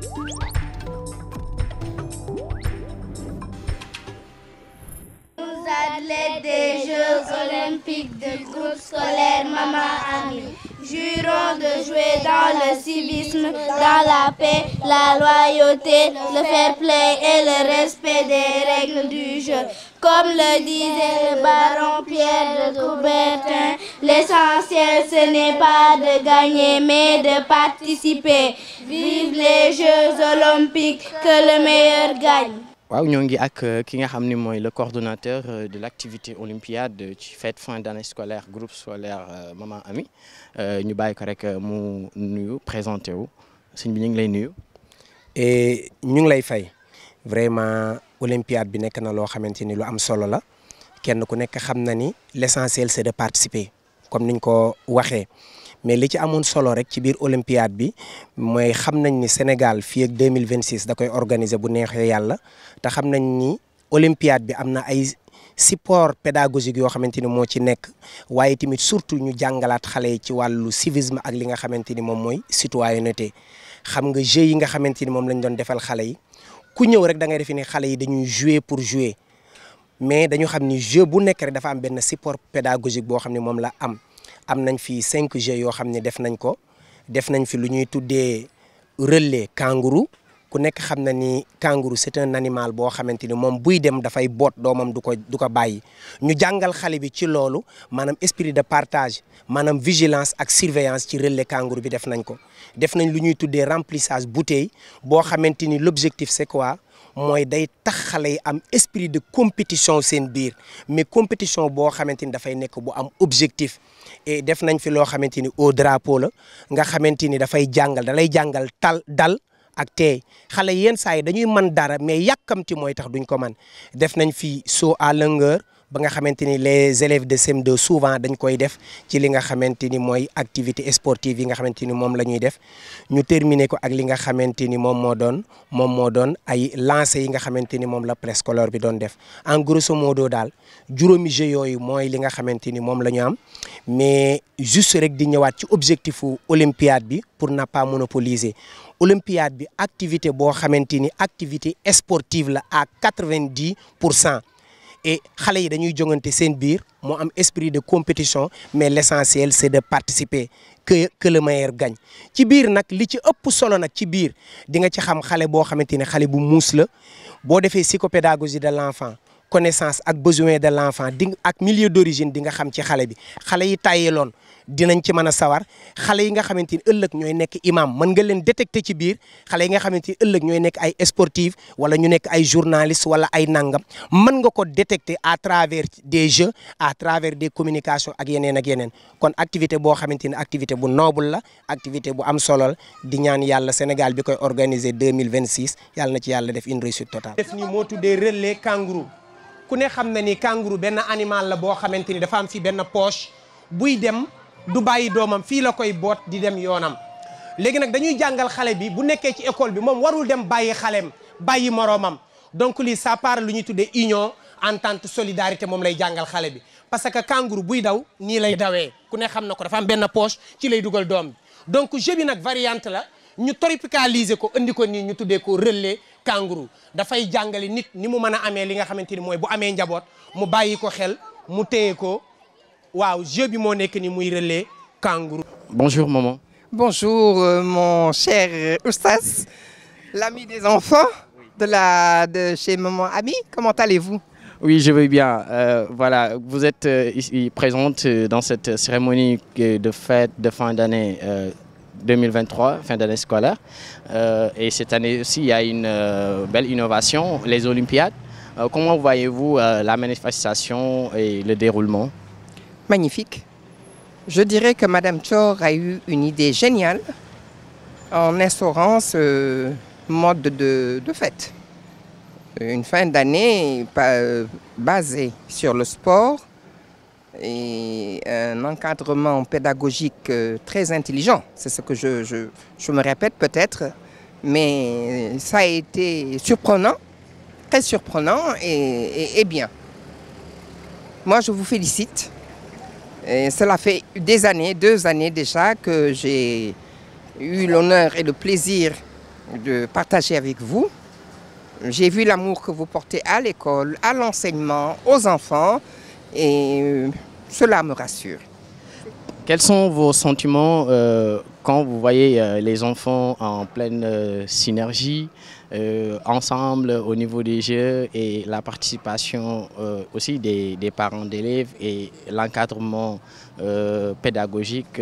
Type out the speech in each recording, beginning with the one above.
Vous athlètes des Jeux olympiques du groupe scolaire Maman Ami, jurons de jouer dans le civisme, dans la paix, la loyauté, le fair play et le respect des règles du jeu. Comme le disait le baron Pierre de Coubertin, l'essentiel ce n'est pas de gagner mais de participer. Vive les Jeux olympiques, que le meilleur gagne. waaw ñoo ngi ak euh, ki nga xam ni mooy le coordonnateur euh, de l'activité olympiade ci fête fin d'année scolaire groupe scolaire euh, Maman Ami ñu bàyyi ko rek mu nuyu présenté wu sëñ bi ngi lay nuyu. ñu ngi lay fay vraiment. olympiade bi nekk na loo xamante ni lu am solo la kenn ku nekk xam na ni l'essentiel c'est de participer comme niñ ko waxee mais li ci amoon solo rek ci biir olympiade bi mooy xam nañ ni Sénégal fii ak 2026 da koy organiser bu neexee yàlla te xam nañ ni olympiade bi am na ay support pédagogique yoo xamante ni moo ci nekk waaye tamit surtout ñu jàngalaat xale yi ci wàllu civisme ak li nga xamante ni moom mooy citoyenneté xam nga jeu yi nga xamante ni moom lañ doon defal xale yi ku ñëw rek dangay ngay defe xale yi dañuy jouer pour jouer mais dañu xam ni jeu bu nekk rek dafa am benn support pédagogique boo xam ne moom la am am nañ fi cinq jeux yoo xam ne def nañ ko def nañ fi lu ñuy tuddee relais kangourou ku nekk xam na ni kangourou c'est un animal boo xamante ni moom buy dem dafay boot doomam du ko du ko bàyyi ñu jàngal xale bi ci loolu maanaam esprit de partage maanaam vigilance ak surveillance ci relais kangourou bi def nañ ko def nañ lu ñuy tuddee remplissage bouteille boo xamante ni l'objectif c'est quoi mooy day tax xale yi am esprit de compétition seen biir mais compétition boo xamante ni dafay nekk bu am objectif def nañ fi loo xamante ni au drapeau la nga xamante ni dafay jàngal dalay jàngal tal dal ak teey xale yenn saa yi dañuy mën dara mais yàkkamti mooy tax duñ ko man def nañ fi saut à longueur ba nga xamante ni les élèves de CM2 souvent dañ koy def ci li nga xamante ni mooy activité sportive yi nga xamante ni moom la ñuy def ñu terminer ko ak li nga xamante ni moom moo doon moom moo doon ay lancé yi nga xamante ni moom la préscolaire bi doon def en grosso modo daal juróomi jeux yooyu mooy li nga xamante ni moom la ñu am mais juste rek di ñëwaat ci objectifu olympiade bi pour ne pas monopoliser olympiade bi activité boo xamante ni activité sportive la à quatre vingt pour cent et xale yi dañuy jongante seen biir moo am esprit de compétition mais l'essentiel c'est de participer que que le meilleur gagne ci biir nag li ci ëpp solo nag ci biir di nga ci xam xale boo xamante ne xale bu muus la boo defee psychopédagogie de l'enfant connaissance ak besoin de l'enfant di ak milieu d'origine di nga xam ci xale bi xale yi tàyyeeloon dinañ ci mën a sawar xale yi nga xamante ni ëllëg ñooy nekk imam mën nga leen ci biir xale yi nga xamante ëllëg ñooy nekk ay sportive wala ñu nekk ay journaliste wala ay nangam mën nga ko détecté à travers des jeux à travers des communications ak yeneen ak yeneen kon activité boo xamante ni activité bu noble la activité bu am solo la di ñaan yàlla Sénégal bi koy organiser 2026 yàlla na ci yàlla def une réussite totale. def ni moo tuddee relais kangourou ku ne xam na ni kangourou benn animal la boo xamante ni dafa am fi benn poche buy dem. du bàyyi doomam fii la koy boot di dem yoonam léegi nag dañuy jàngal xale bi bu nekkee ci école bi moom warul dem bàyyi xaleem bàyyi moroomam donc lu ça part lu ñuy tuddee union entente solidarité moom lay jàngal xale bi parce que kangourou buy daw nii lay dawee ku ne xam na ko dafa am benn poche ci lay dugal doom bi donc jeu bi nag variante la ñu tropicaliser ko indi ko nii ñu tuddee ko relais kangourou dafay jàngali nit ni mu mën a amee li nga xamante ni mooy bu amee njaboot mu bàyyi ko xel mu téye ko waaw jeu bi moo nekk ni muy relais kangourou. bonjour maman. bonjour euh, mon de la de chez maman Ami comment euh, voilà, vous êtes euh, euh, dans cette cérémonie de fête de fin d'année euh, 2023, fin d'année scolaire. et cette année a une belle les Olympiades. comment la manifestation le déroulement? magnifique. Je dirais que Madame Chor a eu une idée géniale en instaurant ce mode de, de fête. Une fin d'année euh, basée sur le sport et un encadrement pédagogique euh, très intelligent. C'est ce que je, je, je me répète peut-être, mais ça a été surprenant, très surprenant et, et, et bien. Moi, je vous félicite. Et cela fait des années, deux années déjà, que j'ai eu l'honneur et le plaisir de partager avec vous. J'ai vu l'amour que vous portez à l'école, à l'enseignement, aux enfants, et euh, cela me rassure. Quels sont vos sentiments euh, quand vous voyez euh, les enfants en pleine euh, synergie, euh, ensemble au niveau des jeux et la participation euh, aussi des, des parents d'élèves et l'encadrement euh, pédagogique,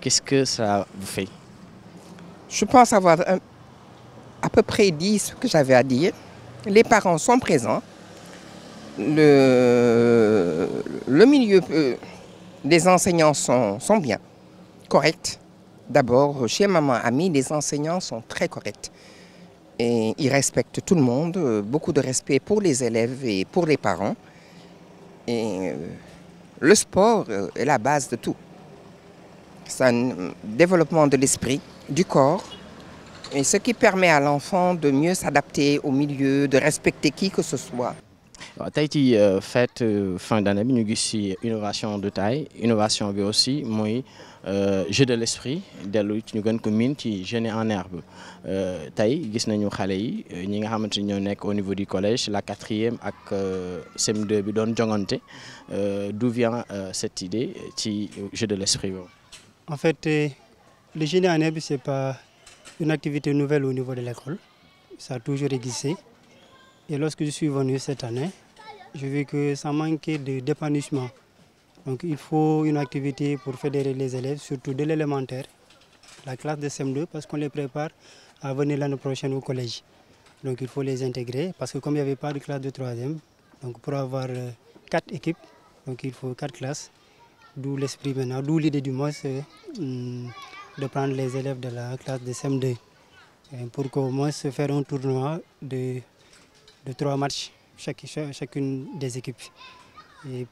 qu'est-ce que ça vous fait Je pense avoir à peu près dit ce que j'avais à dire. Les parents sont présents. Le, le milieu euh, des enseignants sont, sont bien, corrects. D'abord, chez Maman Ami, les enseignants sont très corrects. Et ils respectent tout le monde, euh, beaucoup de respect pour les élèves et pour les parents. Et euh, le sport euh, est la base de tout. C'est un développement de l'esprit, du corps, et ce qui permet à l'enfant de mieux s'adapter au milieu, de respecter qui que ce soit. waaw tey ci euh, fête euh, fin d'année bi ñu gis ci innovation de taille innovation bi aussi mooy euh, jeu de l'esprit dellu ñu gën ko miin ci Jeunes en herbe tey gis nañu xale yi ñi nga xamante ni ñoo nekk au niveau du collège la quatrième ak CM2 bi doon jongante d'où vient cette idée ci jeu de l'esprit boobu. en fait le Jeunes en herbe c'est pas une activité nouvelle au niveau de l'école ça a toujours existé et lorsque je suis venu cette année je vois que ça manquait de d'épanouissement. Donc il faut une activité pour fédérer les élèves, surtout de l'élémentaire, la classe de CM2, parce qu'on les prépare à venir l'année prochaine au collège. Donc il faut les intégrer, parce que comme il n'y avait pas de classe de troisième, donc pour avoir euh, quatre équipes, donc il faut quatre classes, d'où l'esprit maintenant, d'où l'idée du mois de prendre les élèves de la classe de CM2, pour qu'au mois se faire un tournoi de, de trois matchs. chaque, chacune des équipes.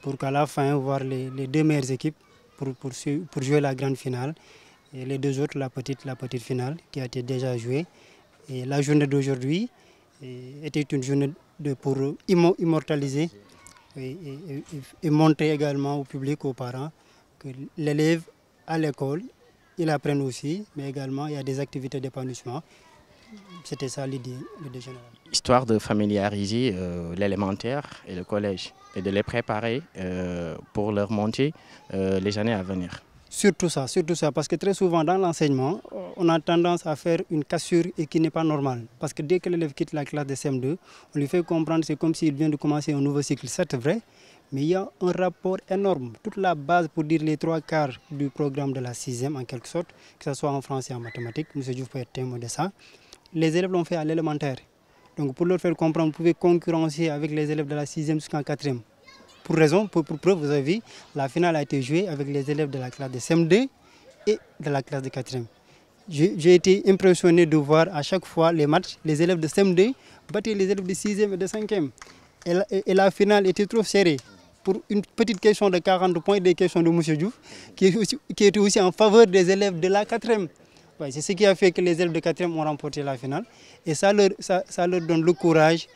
pour qu'à la fin, voir les, les, deux meilleures équipes pour, pour, pour, jouer la grande finale et les deux autres, la petite, la petite finale qui a été déjà jouée. Et la journée d'aujourd'hui eh, était une journée de, pour immortaliser et, et, et, montrer également au public, aux parents, que l'élève à l'école, il apprend aussi, mais également il y a des activités d'épanouissement. C'était ça l'idée générale. Histoire de familiariser euh, l'élémentaire et le collège et de les préparer euh, pour leur montée euh, les années à venir. Surtout ça, parce que très souvent dans l'enseignement, euh, on a tendance à faire une cassure et qui n'est pas normale. Parce que dès que l'élève quitte la classe de CM2, on lui fait comprendre c'est comme s'il vient de commencer un nouveau cycle. C'est vrai, mais il y a un rapport énorme. Toute la base, pour dire les trois quarts du les élèves l'ont fait à l'élémentaire. Donc pour leur faire comprendre, vous pouvez concurrencer avec les élèves de la 6e jusqu'en 4e. Pour raison, pour, pour, preuve, vous avez vu, la finale a été jouée avec les élèves de la classe de cm et de la classe de 4 J'ai été impressionné de voir à chaque fois les matchs, les élèves de CM2 battaient les élèves de 6e et de 5e. Et la, et la finale était trop serrée pour une petite question de 40 Ouais, c'est ce qui a fait les élèves de 4e ont remporté la finale. Et ça leur, ça, ça courage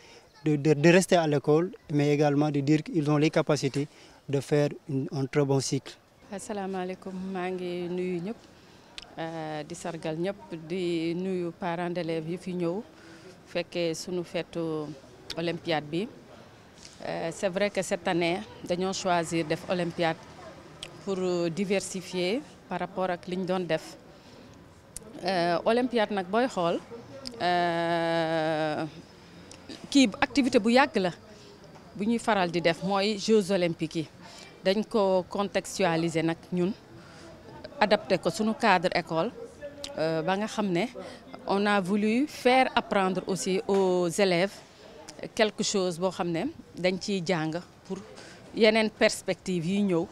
de, de, de rester à l'école, mais également de dire qu'ils ont les capacités de faire une, un très bon cycle. asalaamaaleykum maa ngi nuyu ñëpp euh, di sargal ñëpp di nuyu parents d'élèves yi fi ñëw fekkee sunu feetu olympiade bi euh, c'est vrai que cette année dañoo choisir def olympiade pour euh, diversifier par rapport ak li ñu doon def. Euh, Olympiade nag booy xool euh, kii activité bu yàgg la bu ñuy faral di def mooy Jeux olympique yi dañ ko contextualiser nag ñun adapté ko suñu cadre école euh, ba nga xam ne on a voulu faire apprendre aussi aux élèves quelque chose boo xam ne dañ ci jàng pour yeneen perspective yi ñëw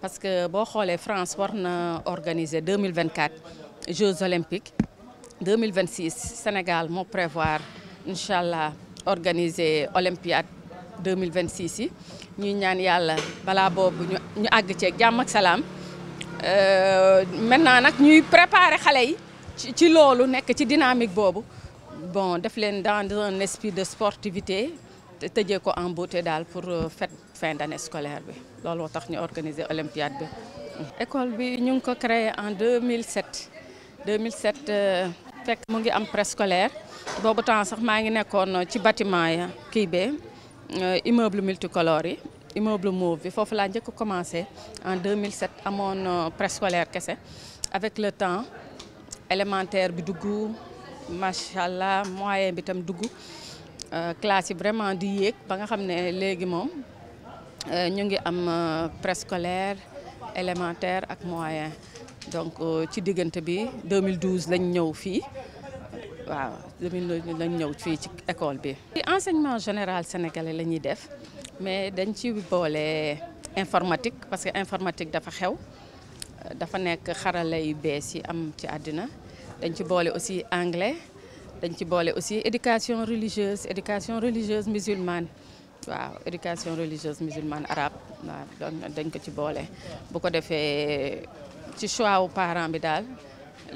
parce que boo xoolee France war na organiser 2024 Jeux olympiques 2026 Sénégal moo prévoir incha allah organiser olympiade 2026 yi ñuy ñaan yàlla balaa boobu ñu ñu àgg ceeg jàmm ak salaam euh, maintenant nag ñuy préparer xale yi ci loolu nekk ci dynamique boobu bon def leen dans un esprit de sportivité te tëjee ko en beauté daal pour euh, fête fin d'année scolaire bi loolu moo tax ñu organiser olympiade bi. école bi ñu ngi ko créé en 2007 euh, fekk mu ngi am préscolaire boobu temps sax maa ngi nekkoon ci bâtiment ya kii be euh, immeuble multicolore yi immeuble mauve bi foofu laa njëkk commencé en 2007 amoon euh, préscolaire kese avec le temps élémentaire bi dugg macha allah moyen bi tam dugg classe yi vraiment di yéeg ba nga xam ne léegi moom ñu ngi am préscolaire élémentaire ak moyen donc euh, ci diggante bi 2012 lañ ñëw fii waaw 2012 lañ ñëw fii ci école bi. ci enseignement général sénégalais la ñuy def mais dañ ci boole informatique parce que informatique dafa xew dafa nekk xarala yu bees yi am ci àddina dañ ci boole aussi anglais dañ ci boole aussi éducation religieuse éducation religieuse musulmane. waaw éducation religieuse musulmane arabe waaw dañ ko ci boole bu ko defee ci choix wu parent bi daal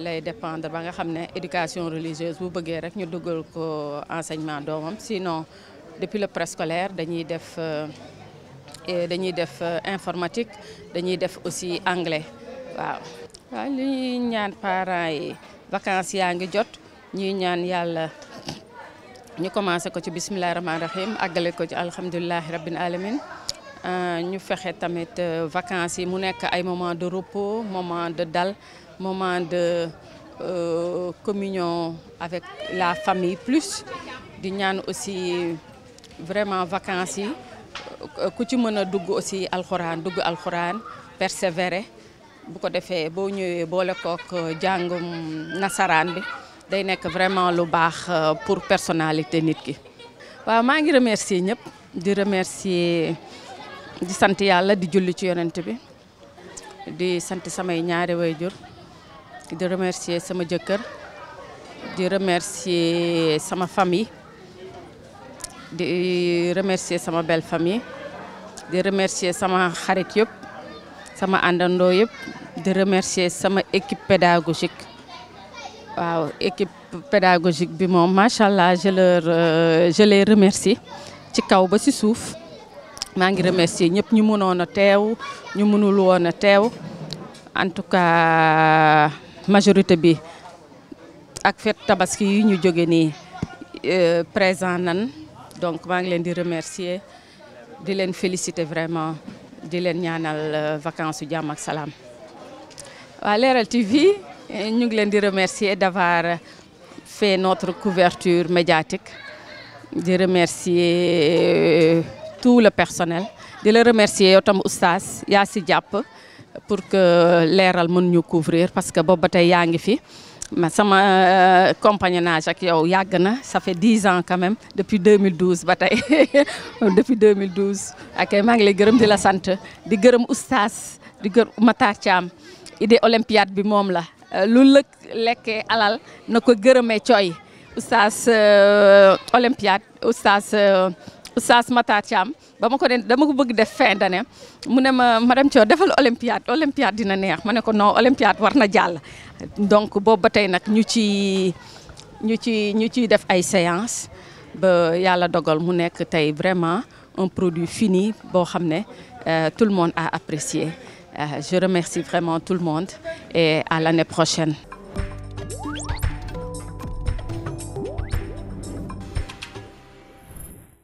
lay dépendre ba nga xam ne éducation religieuse bu bëggee rek ñu dugal ko enseignement doomam sinon depuis le préscolaire dañuy def euh, dañuy def euh, informatique dañuy def aussi anglais waaw. waaw ñaan parents yi vacances yaa ngi jot ñuy ñaan yàlla ñu commencé ko ci bisimilah rahmaani rahim àggale ko ci alhamdulilah rabbil alamin Euh, ñu fexe tamit euh, vacances yi mu nekk ay moment de repos moment de dal moment de euh, communion avec la famille plus di ñaan aussi vraiment vacances yi ku ci mën a dugg aussi alxuraan dugg alxuraan persévérer bu ko defee boo ñëwee boole kook jàngum nasaraan bi day nekk vraiment lu baax pour personnalité nit ki waaw maa ngi remercier ñëpp di remercier di sant yàlla di julli ci yonent bi di sant samay ñaari waajur di remercier sama jëkkër di remercier sama famille di remercier sama belle famille di remercier sama xarit yëpp sama àndandoo yëpp di remercier sama équipe pédagogique waaw équipe pédagogique bi moom macha allah je leur euh, je les remercie ci kaw ba ci suuf. maa ngi remercier ñëpp ñu munoon a teew ñu mënul woon a teew en tout cas majorité bi ak fête tabaski yi ñu joge nii euh, présent nan donc maa ngi leen di remercier di leen féliciter vraiment di leen ñaanal euh, vacance yu jàmm ak salaam. waaw Leral TV ñu ngi leen di remercier d'avoir fait notre couverture médiatique di remercier. Euh, tout le personnel di la remercier yow tam oustaz yaa si jàpp pour que leeral mën ñu couvrir parce que boobu ba tey yaa ngi fi ma sama euh, compagnonnage ak yow yàgg na ça fait dix ans quand même depuis 2012 ba tey depuis 2012 ak maa ngi lay gërëm di la sant di gërëm oustaz di gërëm Matar Thiam idée olympiade bi moom la euh, lu lëkk lekkee alal na ko gërëmee cooy oustaz euh, olympiade oustaz oustaz Matar Thiam ba ma ko ne dama ko bëgg def fin d'année mu ne ma madame Thiaw defal olympiade olympiade dina neex ma ne ko non olympiade war na jàll donc boobu ba tey nag ñu ci ñu ci ñu ciy def ay séance ba yàlla dogal mu nekk tey vraiment un produit fini boo xam ne euh, tout le monde a apprécié euh, je remercie vraiment tout le monde et à l'année prochaine